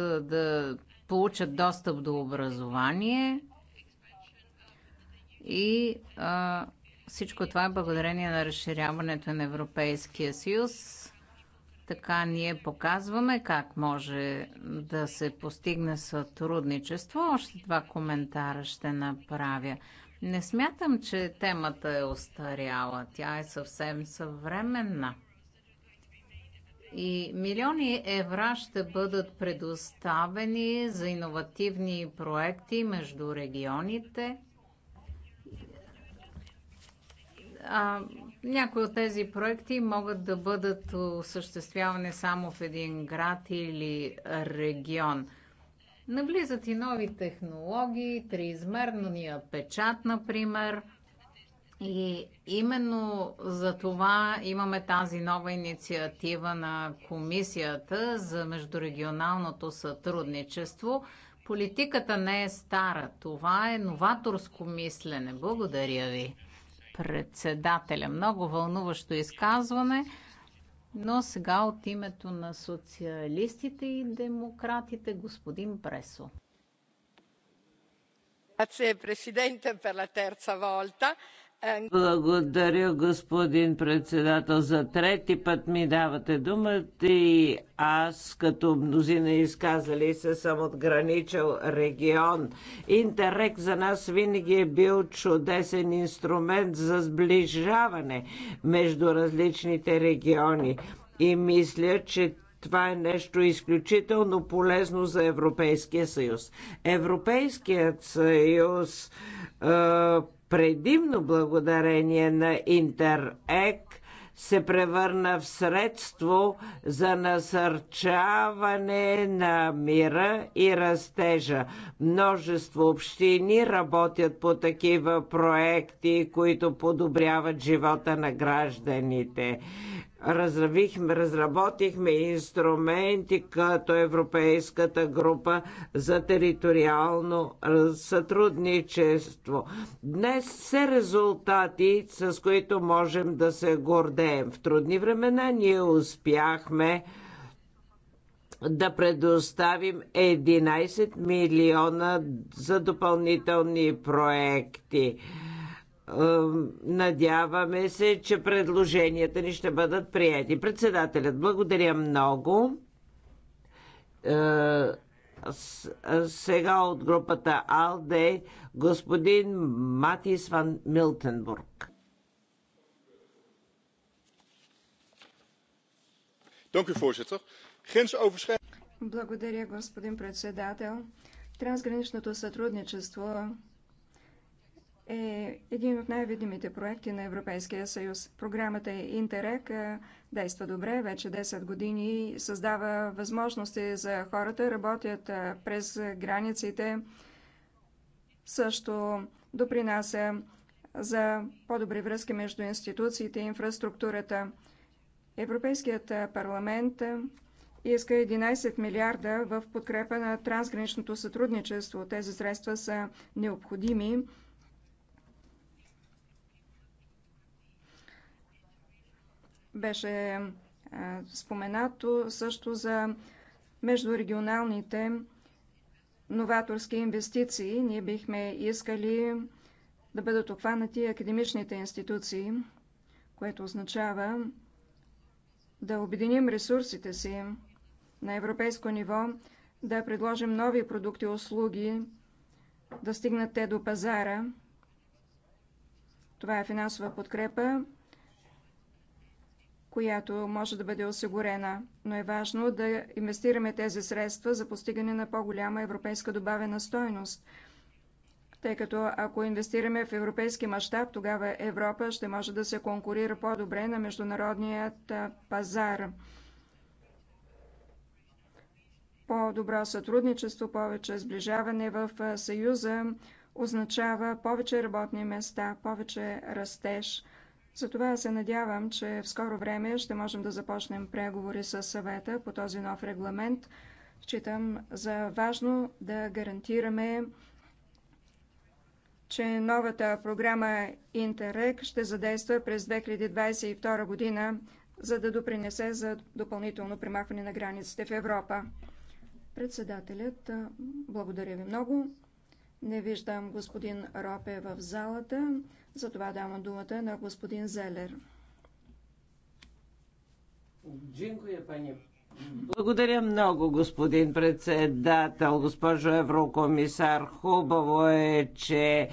да получат достъп до образование и а, всичко това е благодарение на разширяването на Европейския съюз. Така ние показваме как може да се постигне сътрудничество. Още два коментара ще направя. Не смятам, че темата е остаряла. Тя е съвсем съвременна и милиони евра ще бъдат предоставени за иновативни проекти между регионите. А, някои от тези проекти могат да бъдат осъществявани само в един град или регион. Навлизат и нови технологии, триизмерния печат, например – и именно за това имаме тази нова инициатива на Комисията за междурегионалното сътрудничество. Политиката не е стара. Това е новаторско мислене. Благодаря ви, председателя. Много вълнуващо изказване. Но сега от името на социалистите и демократите господин Пресо. Grazie Presidente per la terza volta. Благодаря, господин председател. За трети път ми давате думата и аз, като мнозина изказали се, съм отграничил регион. Интерект за нас винаги е бил чудесен инструмент за сближаване между различните региони. И мисля, че това е нещо изключително полезно за Европейския съюз. Европейският съюз е, предимно благодарение на Интерек се превърна в средство за насърчаване на мира и растежа. Множество общини работят по такива проекти, които подобряват живота на гражданите. Разравихме, разработихме инструменти като Европейската група за териториално сътрудничество. Днес се резултати, с които можем да се гордеем. В трудни времена ние успяхме да предоставим 11 милиона за допълнителни проекти. Надяваме се, че предложенията ни ще бъдат прияти. Председателят, благодаря много. Е, сега от групата АЛДЕ господин Матис Ван Милтенбург. Благодаря, господин председател. Трансграничното сътрудничество е един от най-видимите проекти на Европейския съюз. Програмата е Интерек действа добре, вече 10 години и създава възможности за хората, работят през границите, също допринася за по-добри връзки между институциите и инфраструктурата. Европейският парламент иска 11 милиарда в подкрепа на трансграничното сътрудничество. Тези средства са необходими Беше споменато също за междурегионалните новаторски инвестиции. Ние бихме искали да бъдат обхванати академичните институции, което означава да обединим ресурсите си на европейско ниво, да предложим нови продукти и услуги, да стигнат те до пазара. Това е финансова подкрепа която може да бъде осигурена, но е важно да инвестираме тези средства за постигане на по-голяма европейска добавена стойност. Тъй като ако инвестираме в европейски мащаб, тогава Европа ще може да се конкурира по-добре на международният пазар. По-добро сътрудничество, повече сближаване в Съюза означава повече работни места, повече растеж – затова се надявам, че в скоро време ще можем да започнем преговори с съвета по този нов регламент. Считам за важно да гарантираме, че новата програма Интерек ще задейства през 2022 година, за да допринесе за допълнително примахване на границите в Европа. Председателят, благодаря ви много. Не виждам господин Ропе в залата, затова давам думата на господин Зелер. Е, Благодаря много, господин председател, госпожо еврокомисар. Хубаво е, че е,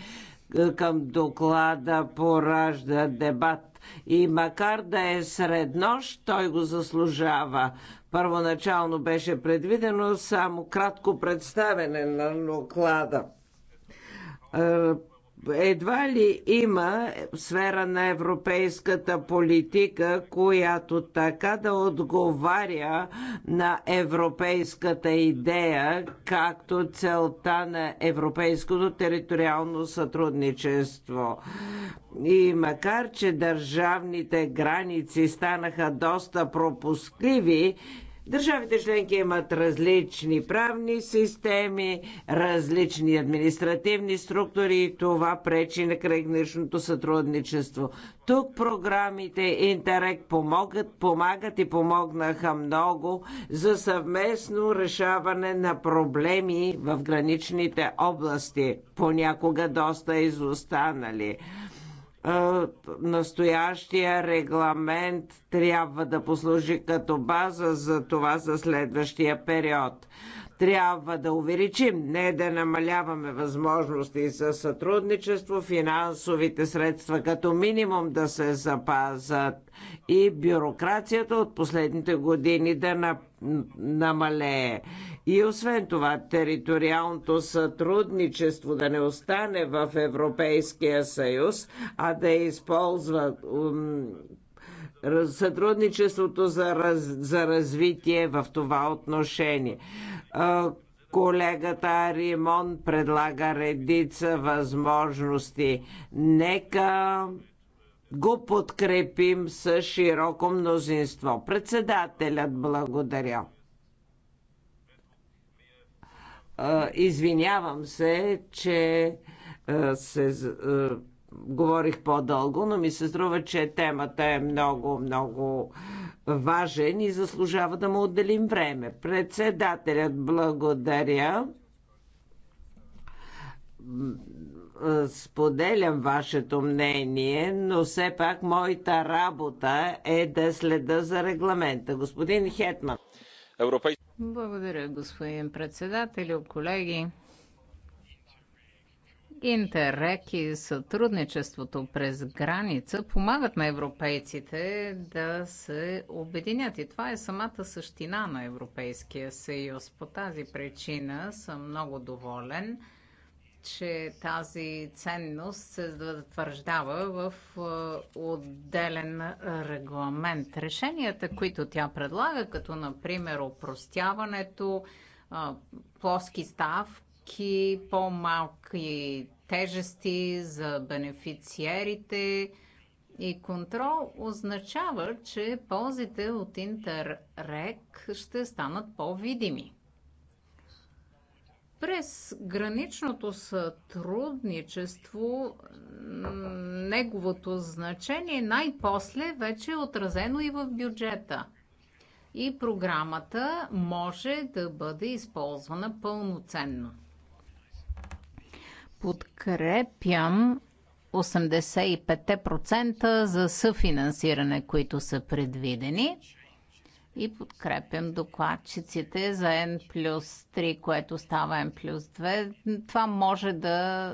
към доклада поражда дебат. И макар да е сред нощ, той го заслужава. Първоначално беше предвидено само кратко представене на доклада е, едва ли има сфера на европейската политика, която така да отговаря на европейската идея, както целта на европейското териториално сътрудничество. И макар, че държавните граници станаха доста пропускливи, Държавите членки имат различни правни системи, различни административни структури и това пречи на крайгнешното сътрудничество. Тук програмите Интерек помогат, помагат и помогнаха много за съвместно решаване на проблеми в граничните области, понякога доста изостанали настоящия регламент трябва да послужи като база за това за следващия период. Трябва да увеличим, не да намаляваме възможности за сътрудничество, финансовите средства като минимум да се запазат и бюрокрацията от последните години да на, намалее. И освен това, териториалното сътрудничество да не остане в Европейския съюз, а да използва сътрудничеството за, раз, за развитие в това отношение. Колегата Римон предлага редица възможности. Нека го подкрепим с широко мнозинство. Председателят благодаря. Извинявам се, че се говорих по-дълго, но ми се струва, че темата е много, много важен и заслужава да му отделим време. Председателят благодаря. Споделям вашето мнение, но все пак моята работа е да следа за регламента. Господин Хетман. Благодаря, господин председател, колеги. Интеррек и сътрудничеството през граница помагат на европейците да се обединят. И това е самата същина на Европейския съюз. По тази причина съм много доволен, че тази ценност се затвърждава в е, отделен регламент. Решенията, които тя предлага, като например опростяването, е, плоски ставки, мерки, по-малки тежести за бенефициерите и контрол означава, че ползите от Интеррек ще станат по-видими. През граничното сътрудничество неговото значение най-после вече е отразено и в бюджета. И програмата може да бъде използвана пълноценно. Подкрепям 85% за съфинансиране, които са предвидени. И подкрепям докладчиците за N плюс 3, което става N плюс 2. Това може да е,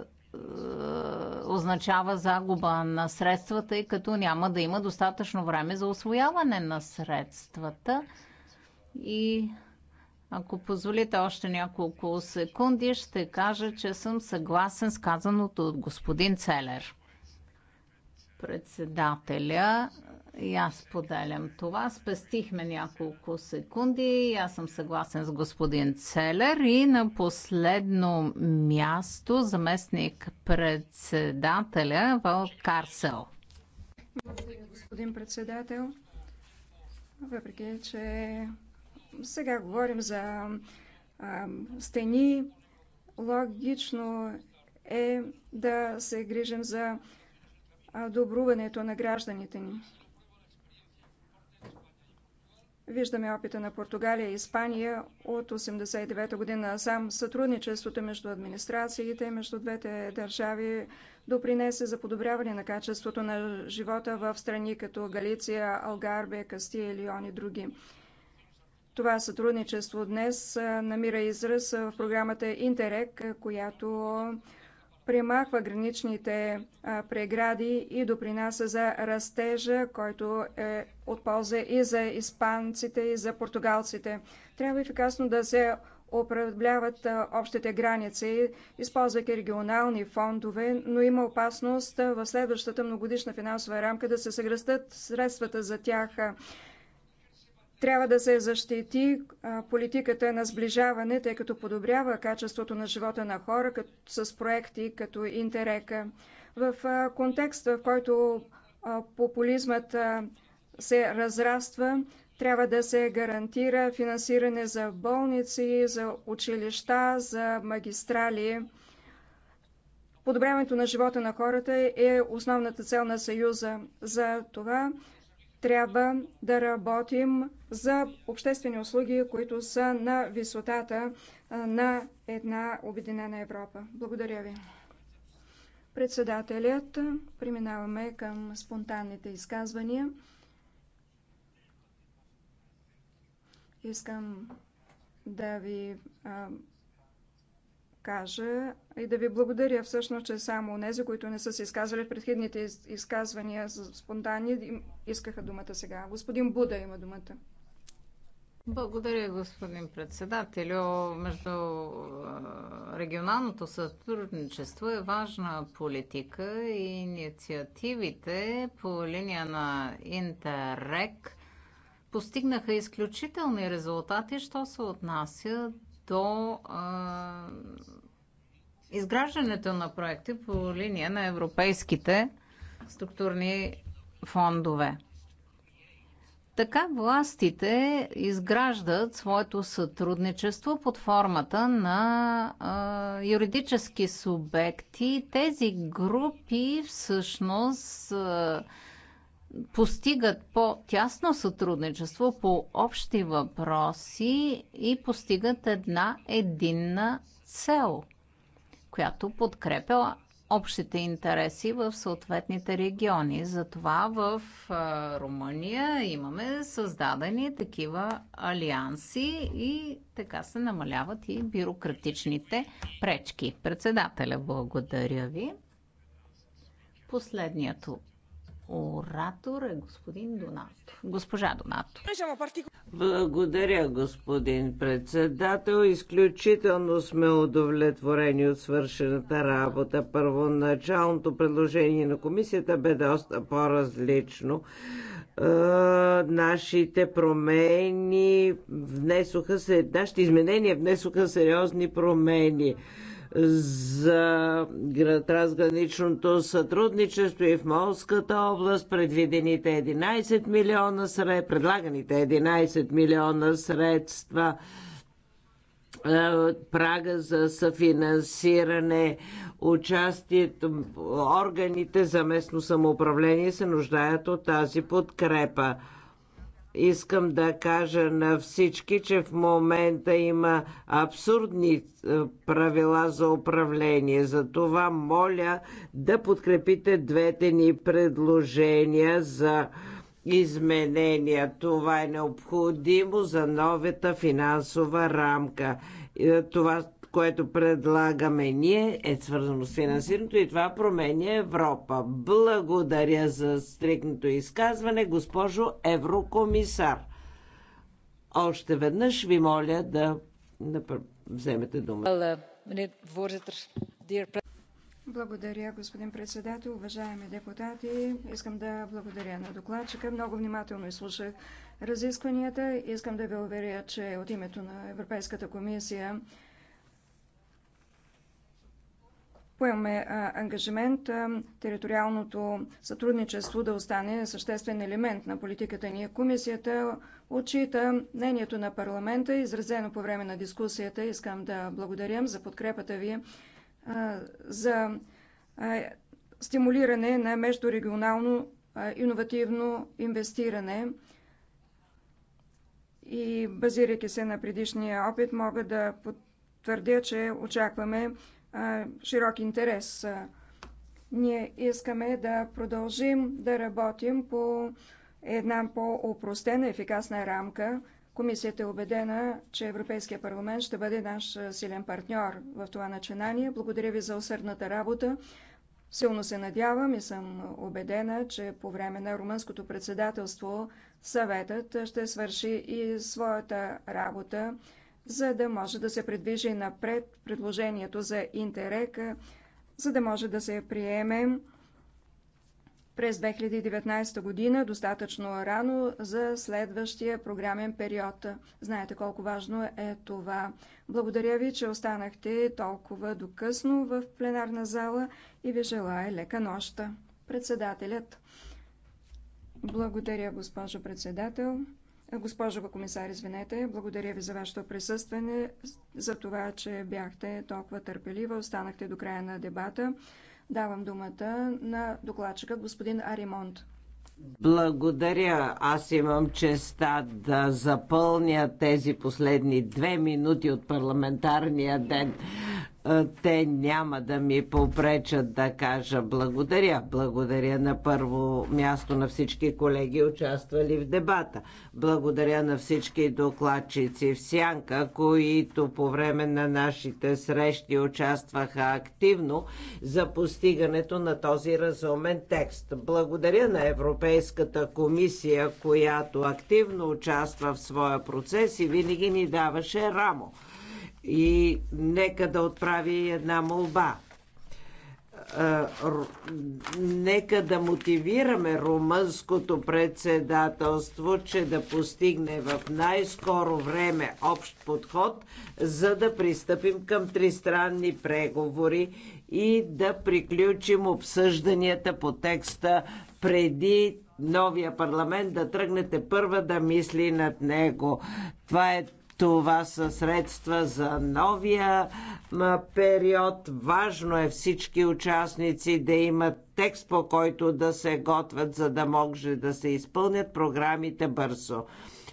означава загуба на средствата, тъй като няма да има достатъчно време за освояване на средствата. И ако позволите още няколко секунди, ще кажа, че съм съгласен с казаното от господин Целер. Председателя, и аз поделям това. Спестихме няколко секунди и аз съм съгласен с господин Целер. И на последно място заместник председателя в Карсел. Благодаря Господин председател, въпреки че сега говорим за а, стени. Логично е да се грижим за добруването на гражданите ни. Виждаме опита на Португалия и Испания от 1989 година. Сам сътрудничеството между администрациите, между двете държави допринесе за подобряване на качеството на живота в страни като Галиция, Алгарбе, Кастия, Лион и други. Това сътрудничество днес намира израз в програмата Интерек, която премахва граничните прегради и допринася за растежа, който е от полза и за испанците, и за португалците. Трябва ефикасно да се управляват общите граници, използвайки регионални фондове, но има опасност в следващата многодишна финансова рамка да се съгръстат средствата за тях. Трябва да се защити политиката на сближаване, тъй като подобрява качеството на живота на хора като, с проекти като Интерека. В контекста, в който популизмът се разраства, трябва да се гарантира финансиране за болници, за училища, за магистрали. Подобряването на живота на хората е основната цел на Съюза. За това трябва да работим за обществени услуги, които са на висотата на една обединена Европа. Благодаря ви. Председателят, преминаваме към спонтанните изказвания. Искам да ви кажа и да ви благодаря всъщност, че само нези, които не са се изказали в предходните изказвания спонтанни, искаха думата сега. Господин Буда има думата. Благодаря, господин председател. Между регионалното сътрудничество е важна политика и инициативите по линия на Интеррек постигнаха изключителни резултати, що се отнася до а, изграждането на проекти по линия на европейските структурни фондове. Така властите изграждат своето сътрудничество под формата на а, юридически субекти. Тези групи всъщност а, постигат по-тясно сътрудничество по общи въпроси и постигат една единна цел, която подкрепя общите интереси в съответните региони. Затова в Румъния имаме създадени такива алианси и така се намаляват и бюрократичните пречки. Председателя, благодаря ви. Последният оратор е господин Донато. Госпожа Донато. Благодаря, господин председател. Изключително сме удовлетворени от свършената работа. Първоначалното предложение на комисията бе доста по-различно. Е, нашите промени внесоха се, нашите изменения внесоха сериозни промени за трансграничното сътрудничество и в Молската област предвидените 11 милиона средства, предлаганите 11 милиона средства прага за съфинансиране, участието, органите за местно самоуправление се нуждаят от тази подкрепа. Искам да кажа на всички, че в момента има абсурдни е, правила за управление. Затова моля да подкрепите двете ни предложения за изменения. Това е необходимо за новата финансова рамка. Е, това което предлагаме ние, е свързано с финансирането и това променя Европа. Благодаря за стрикното изказване, госпожо Еврокомисар. Още веднъж ви моля да, да вземете дума. Благодаря, господин председател, уважаеми депутати. Искам да благодаря на докладчика. Много внимателно изслушах разискванията. Искам да ви уверя, че от името на Европейската комисия поемаме ангажимент териториалното сътрудничество да остане съществен елемент на политиката ни. Комисията отчита мнението на парламента, изразено по време на дискусията. Искам да благодарям за подкрепата ви за стимулиране на междурегионално иновативно инвестиране и базирайки се на предишния опит, мога да потвърдя, че очакваме широк интерес. Ние искаме да продължим да работим по една по-опростена, ефикасна рамка. Комисията е убедена, че Европейския парламент ще бъде наш силен партньор в това начинание. Благодаря ви за усърдната работа. Силно се надявам и съм убедена, че по време на румънското председателство съветът ще свърши и своята работа за да може да се предвижи напред предложението за интерека, за да може да се приеме през 2019 година, достатъчно рано за следващия програмен период. Знаете колко важно е това. Благодаря ви, че останахте толкова докъсно в пленарна зала и ви желая лека нощ. Председателят. Благодаря, госпожо председател. Госпожо комисар, извинете, благодаря ви за вашето присъстване, за това, че бяхте толкова търпелива, останахте до края на дебата. Давам думата на докладчика господин Аримонт. Благодаря. Аз имам честа да запълня тези последни две минути от парламентарния ден. Е, те няма да ми попречат да кажа благодаря. Благодаря на първо място на всички колеги, участвали в дебата. Благодаря на всички докладчици в Сянка, които по време на нашите срещи участваха активно за постигането на този разумен текст. Благодаря на Европейската комисия, която активно участва в своя процес и винаги ни даваше рамо и нека да отправи една молба нека да мотивираме румънското председателство, че да постигне в най-скоро време общ подход, за да пристъпим към тристранни преговори и да приключим обсъжданията по текста преди новия парламент да тръгнете първа да мисли над него. Това е това са средства за новия период. Важно е всички участници да имат текст, по който да се готвят, за да може да се изпълнят програмите бързо.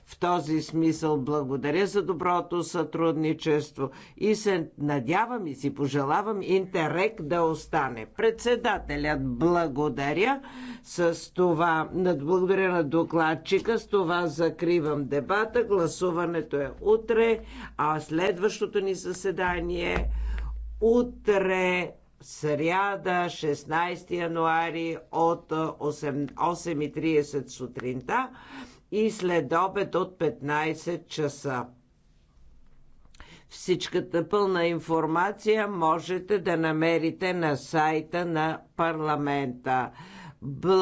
В този смисъл благодаря за доброто сътрудничество и се надявам и си пожелавам Интерек да остане. Председателят благодаря с това, благодаря на докладчика, с това закривам дебата, гласуването е утре, а следващото ни заседание утре сряда, 16 януари от 8.30 сутринта и след обед от 15 часа. Всичката пълна информация можете да намерите на сайта на парламента. Благодаря